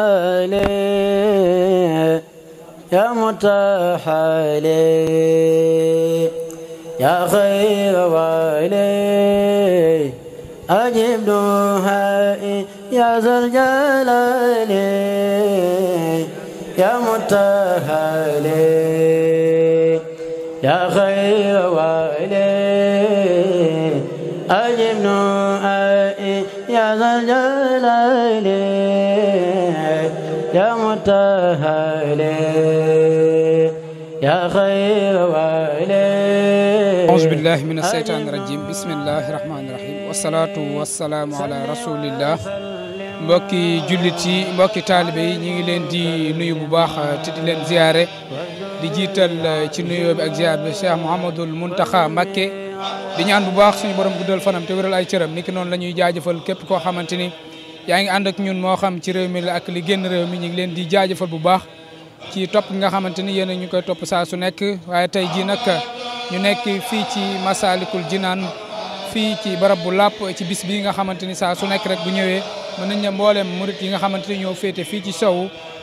علي يا متحلي يا خير والي أجب دعائي يا ذا الجلال يا متحلي يا خير والي تهلي يا خير ويلي أعوذ بالله من الشيطان الرجيم بسم الله الرحمن الرحيم والصلاة والسلام على رسول الله mbokki jullit yi mbokki taalibe yi ñu ngi leen di nuyu bu baax te di leen ziare di jiital ci nuyoo bi ak ziar bi Cheikh Mouhamadul Mountakha Mbacké di ñaan bu baax suñu borom guddal fanam te wéral ay cëram niki noonu la ñuy jaajëfal képp koo xamante ni yaa ngi ànd ak ñun moo xam ci réew mi la ak li génn réew mi ñu ngi leen di jaajëfal bu baax ci topp nga xamante ni yéen a ñu koy topp saa su nekk waaye tey jii nag ñu nekk fii ci Massalikul Jinaan fii ci barab bu làpp ci bis bi nga xamante ni saa su nekk rek bu ñëwee mën nañ ne mbooleem murit yi nga xamante ni ñoo féete fii ci sow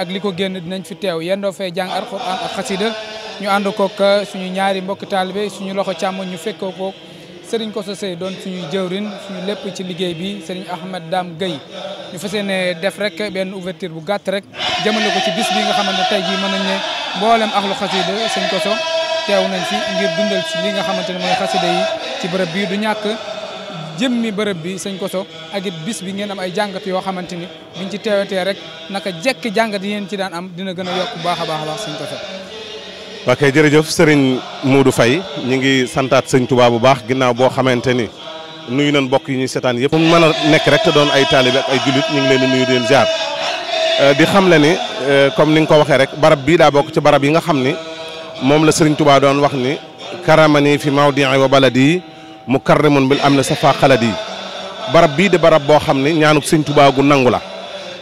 ak li ko génn dinañ fi teew yendoo fee jàng alxuraan ak xasida ñu ànd kook suñu ñaari mbokk taalibe suñu loxo càmmoñ ñu fekkoo ko Serigne Kosso Seye doon suñu jëwrin suñu lépp ci liggéey bi Serigne Ahmed daam Gueye ñu fas ne def rek benn ouverture bu gàtt rek jëmale ko ci bis bi nga xamante ne tey jii mën nañ ne mboolem axlu xasida Serigne Kosso teew nañ fi ngir dundal ci li nga xamante ne mooy xasida yi ci bërëb bii du ñàkk jëmmi bërëb bi Serigne Kosso ak it bis bi ngeen am ay jàngat yoo xamante ni biñ ci teewatee rek naka jekk jàngat yi ngeen ci daan am dina gën a yokk baax a baax a baax Serigne Kosso ok jërëjëf Serigne Modou fay ñu ngi santaat sëñ Touba bu baax ginnaaw boo xamante ni nuyu nañ mbokk yi ñuy seetaan yëpp. mën a nekk rek te doon ay taalibe ak ay jullit ñi ngi leen nuyu di leen ziar euh, di xam le ni euh, comme ni nga ko waxee rek barab bii daa bokk ci barab yi nga xam ni moom la Serigne Touba doon wax ni karamani fi mawdii bala di mu karramun bil am na safa di barab bii de barab boo xam ni ñaanu sëñ Touba gu nangu la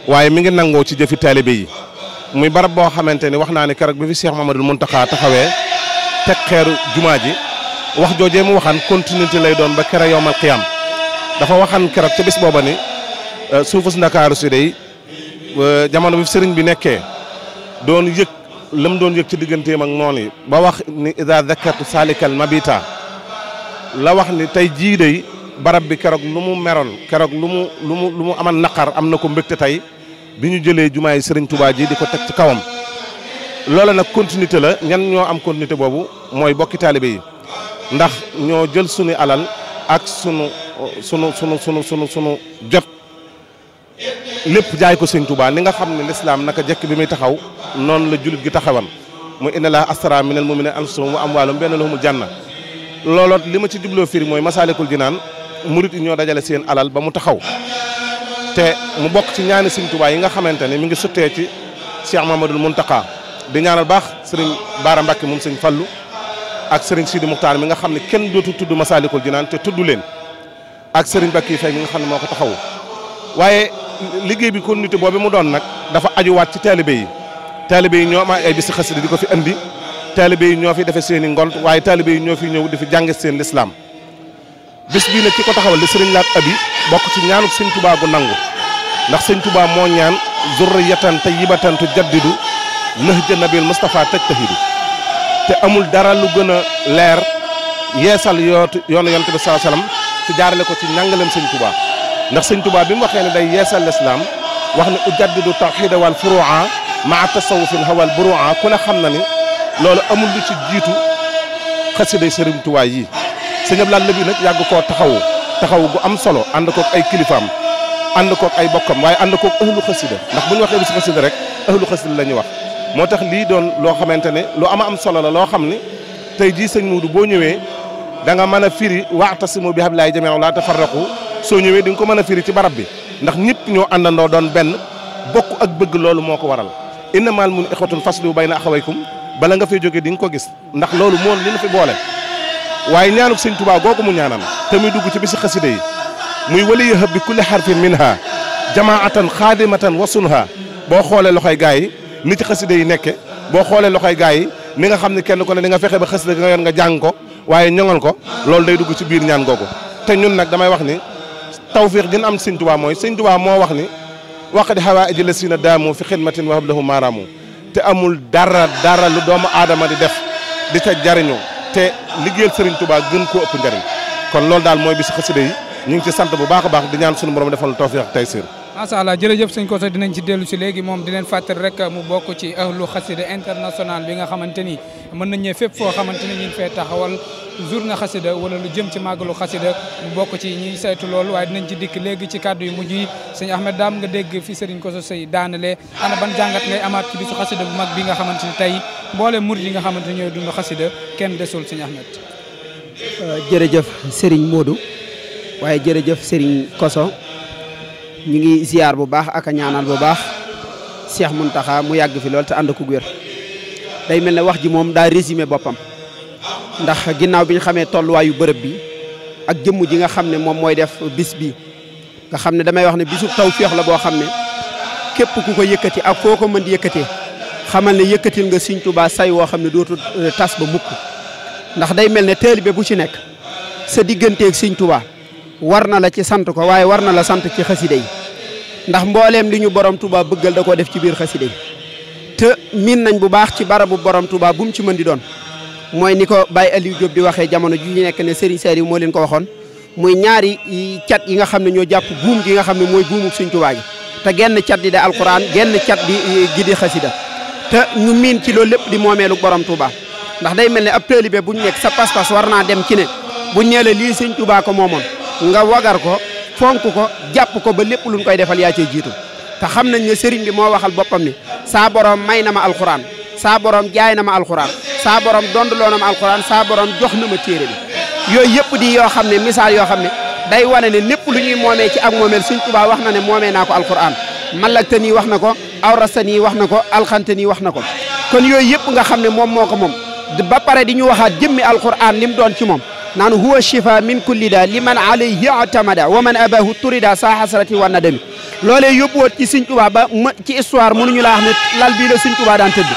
waaye mi ngi nangoo ci jëfi taalibe muy barab boo xamante ni wax naa ne keroog bi fi Cheikh Mamadou Mountakha taxawee teg xeeru jumaa ji wax joojee mu waxan continuité lay doon ba kere yowmal qiyam dafa waxan keroog ca bis booba ni euh, suufus ndakaaru si day euh, jamono bi sëriñ bi nekkee doon yëg lam doon yëg ci digganteem ak noon yi ba wax ni ida ma salikal mabita la wax ni tey jii day barab bi keroog lu mu meroon keroog lu mu lu mu lu mu amal naqar am na ko mbégte tey bi ñu jëlee jumaay Serigne Touba ji di ko teg ci kawam loola nag continuité la ñan ñoo am continuité boobu mooy bokki taalibe ndax ñoo jël suñu alal ak sunu sunu sunu sunu sunu sunu jot lépp jaay ko Serigne Touba li nga xam ne lislaam naka jekk bi muy taxaw noonu la julit gi taxawan mu inna laa astara minal mu'minina anfusahum am amwaalahum bi anna lahumul janna looloo li ma ci jubloo firi mooy masaalikul jinaan murit yi ñoo dajale seen alal ba mu taxaw te mu bokk ci ñaani Sëriñ Tuubaa yi nga xamante ne mi ngi suttee ci Cheikh Mamadou Mountakha di ñaanal baax sëriñ Baara Mbacke moom sëñ Fallu ak sëriñ Sidi Muxtaar mi nga xam ne kenn dootu tudd Masaalikul Jinaan te tudd leen ak sëriñ Bakki Fay mi nga xam ne moo ko taxawu waaye liggéey bi communauté boobu mu doon nag dafa ajuwaat ci taalibe yi taalibe yi ñoo ma ay bisi xasida di ko fi andi taalibe yi ñoo fi defe seen i waaye taalibe yi ñoo fi ñëw di fi seen lislaam bis bii nag ki ko taxawal li sëriñ Laat Abi bokk ci ñaanuk sëñ Tuubaa nangu ndax sëñ Tuubaa moo ñaan zurriyatan tayyibatan tujaddidu nahja nabil Mustafa tajtahidu te amul dara lu gën a leer yeesal yootu yoonu yonent bi saa salaam jaarale ko ci ñàngaleem sëñ Tuubaa ndax sëñ Tuubaa bi mu waxee ne day yeesal lislaam wax ne ujaddidu tawxiida wal furuu'a maa tasawufin hawal buruu'a ku ne xam na ni loolu amul lu ci jiitu xasiday sëriñ Tuubaa yi sëñ Abdou Lahad Lébu nag yàgg koo taxawu taxawu gu am solo ànd koog ay kilifaam ànd koog ay bokkam waaye ànd koog ahlu xasida ndax bu ñu waxee ahlu xasida rek ahlu xasida la ñuy wax moo tax lii doon loo xamante ne lu ama am solo la loo xam ne tey jii sëñ Muudu boo ñëwee da nga mën a firi wa'tasimu bi hablillahi jamii'an wa laa tafarraqu soo ñëwee di nga ko mën a firi ci barab bi ndax ñëpp ñoo àndandoo doon benn bokk ak bëgg loolu moo ko waral innamal mu'minuuna ixwatun faslihu bayna axawaykum bala nga fay jógee di nga ko gis ndax loolu moom li ñu fi boole waaye ñaanuk seigne touba googu mu ñaanal te muy dugg ci bisi khasside yi muy wali yahab bi kulli harfin minha jamaatan khadimatan wasunha boo xoolee loxoy gaa yi ni ci xasida yi nekke bo xolé loxay gaay mi nga xamni kenn ko ne nga fexe ba khasside nga yor nga jàng ko waye ñongal ko lol day dugg ci biir ñaan googu te ñun nak damay wax ni tawfiq gën am seigne touba moy seigne touba mo wax ni waqadi xawaa aji la siina daamu fi khidmatin wa hablahu maramu te amul dara dara lu doomu adama di def di ca jariñu te liggéeyal Serigne Touba gën koo ëpp njariñ kon loolu daal mooy bisu xasida yi ñu ngi ci sant bu baax a baax di ñaan suñu borom defal tawfiq ak taysir macha allah jërëjëf sëñ Koso dinañ ci dellu si léegi moom di leen fàttali rek mu bokk ci ahlu xasida international bi nga xamante ni mën nañ ñëw fépp foo xamante ni ñu ngi fee taxawal na xasida wala lu jëm ci màggalu xasida mu bokk ci ñiy saytu loolu waaye dinañ ci dikk léegi ci kàddu yu s yi sëñ Ahmed Dame nga dégg fi sëriñ Koso sëy daanale ana ban jàngat ngay amaat ci bisu bu mag bi nga xamante ni tey mboolem murid yi nga xamante ñooy dund xasida kenn desul sëñ Ahmed euh, jërëjëf Serigne Modou waaye jërëjëf sëriñ Koso ñu ngi ziar bu baax ak a ñaanal bu baax mun Mountakha mu yàgg fi lool te ànd ku wér day mel ne wax ji moom daa résumé boppam ndax ginnaaw bi ñu xamee tolluwaayu bërëb bi ak jëmm ji nga xam ne moom mooy def bis bi nga xam ne damay wax ne bisu taw féex la boo xam ne képp ku ko yëkkati ak foo ko mën di yëkkatee xamal ne yëkkatil nga Sëñ tubaa say woo xam ne dootu euh, tas ba mukk ndax day mel ne taalibe bu ci nekk sa digganteeg Sëñ tubaa war na la ci sant ko waaye war na la sant ci xasida yi ndax mbooleem di ñu borom Tuubaa bëggël da koo def ci biir xasida yi te miin nañ bu baax ci barabu borom Tuubaa bu mu ci mën di doon mooy ni ko Baye Aliou Diop di waxee jamono ji ñu nekk ne Serigne Saliou moo leen ko waxoon muy ñaari cat yi nga xam ne ñoo jàpp buum gi nga xam ne mooy buumu Sëñ Tuubaa te genn cat di de alquran genn cat di gi di xasida te ñu miin ci loolu lépp di moomee moomeelu borom Touba ndax day mel ne ab taalibe bu ñu nekk sa pas war naa dem ci ne bu ñee la lii sëñ Touba ko moomoon nga wagar ko fonk ko jàpp ko ba lépp luñ koy defal yaa cey jiitu te xam nañ ne sëriñ bi moo waxal boppam ni saa may na ma alxuraan saa jaay na ma alxuraan saa borom donduloo na ma alxuraan saa jox na ma téere bi yooyu yëpp di yoo xam ne misaal yoo xam ne day wane ne lépp lu ñuy moomee ci ak moomeel sëñ Touba wax na ne moomee naa ko alxuraan mallak te nii wax na ko awrasani yi wax na ko wax na kon yoy yep nga xamne mom moko mom ba pare di ñu waxat jëmmi alquran lim doon ci mom naan huwa shifa min kulli da liman alayhi atamada wa man abahu turida saa hasrati wa nadami lolé yóbbuwoot ci Sëñ Tuubaa ba ci histoire mënu ñu la xamne lal bi la Sëñ Tuubaa daan tëdd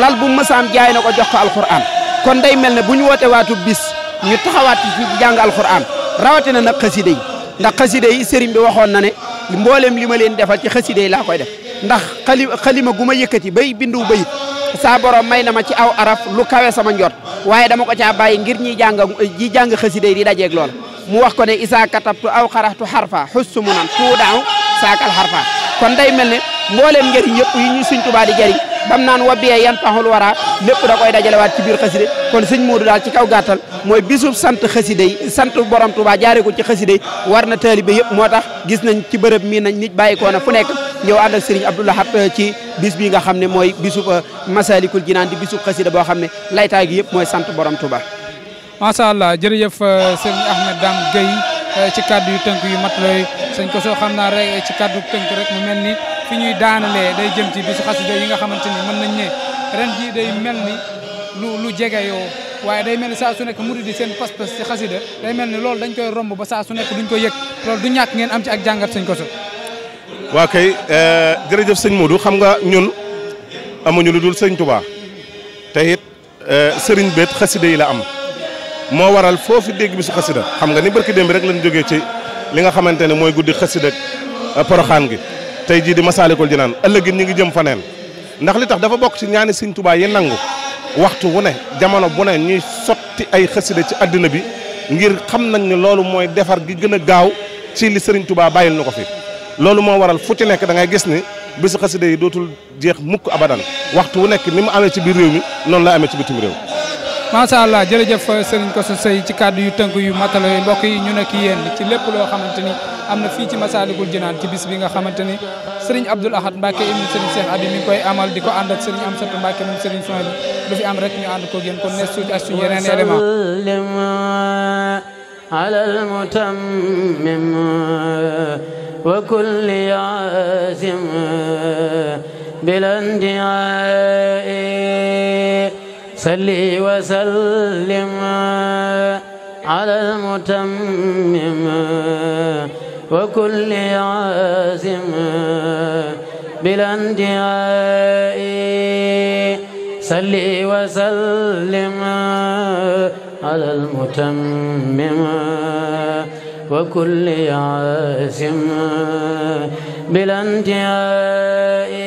lal bu mësaam jaay nako jox ko alquran kon day melne ne bu ñu woote waatu bis ñu taxawat ci jàng alquran rawatina nag xasida yi ndax khasside yi sëriñ bi waxon na ne mbollem lima len defal ci khasside yi laa koy def ndax xali xalima gu ma yëkkati bay bindu bayit saa borom may na ma ci aw araf lu kawe sama njot waaye dama ko caa bàyyi ngir ñi jàng ji jàng xasida yi di dajeeg lool mu wax ko ne isaa katabtu aw xaraxtu xarfa xussu mu nan tuudaaw saakal xarfa kon day mel ne mbooleem njëriñ yëpp yi ñu Sëñ Tuubaa bam naan wabbiyee yan paxul wara lépp da koy dajalewaat ci biir xaside kon sëñ Moodu daal ci kaw gàttal mooy bisub sant xaside yi sant borom Touba jaaree ko ci xaside yi war na taalibe yëpp moo tax gis nañ ci bërëb mii nañ nit bàyyi ko na fu nekk ñëw ànd ak Serigne Abdou Lahad euh, ci bis bi nga xam ne mooy bisub euh, Masalikul Jinaan di bisub xaside boo xam ne laytaay gi yëpp mooy sant borom Touba. macha allah jërëjëf euh, Serigne Ahmed Dame Gueye ci kaddu yu tënk yu mat looy sëñ ko soo xam naa rek ci kaddu tënk rek mu mel ni fi ñuy daanalee day jëm ci bisu xasida yi nga xamante ni man nañ ne ren jii day mel ni lu lu jege yoo waaye day mel ni saa su nekk murid yi seen pas-pas ci xasida day mel ni loolu dañ koy romb ba saa su nekk duñ koy yëg loolu du ñàkk ngeen am ci ak jàngat ko Koso. waa kay eh, jërëjëf sëñ Modou xam nga ñun amuñu lu dul sëñ Touba te it eh, sëriñ beet xasida yi la am moo waral foofu dégg si xasida xam nga ni barki démb rek lañ jógee ci li nga xamante ne mooy guddi xasida eh, poroxaan gi. tey jii di Masaalikul Jinaan ëllëgin ñi ngi jëm faneen ndax li tax dafa bokk ci ñaani Sëñ Tuubaa yi nangu waxtu wu ne jamono bu ne ñuy sotti ay xasida ci àddina bi ngir xam nañ ne loolu mooy defar gi gën a gaaw ci li Sëriñ Tuubaa bàyyil nu ko fi loolu moo waral fu ci nekk da ngay gis ni bisu xasida yi dootul jeex mukk abadan waxtu wu nekk ni mu amee ci biir réew mi noonu la amee ci bitim réew macha allah jërëjëf Serigne Kosso Seye ci kàddu yu tënk yu matalo yi mbokk yi ñu nekk yéen ci lépp loo xamante ni am na fii ci Masaalikul Jinaan ci bis bi nga xamante ni Serigne Abdoul Ahad Mbacke ibnu Serigne Cheikh Abi mi ngi koy amal di ko ànd ak Serigne Amsatou Mbacke moom Serigne Sow bi lu fi am rek ñu ànd ko yéen kon ne suuti ak suñu yeneen élément على المتمم وكل عازم بلا اندعاء صلي وسلم على المتمم وكل عازم بلا صل سل وسلم على المتمم وكل عازم بلا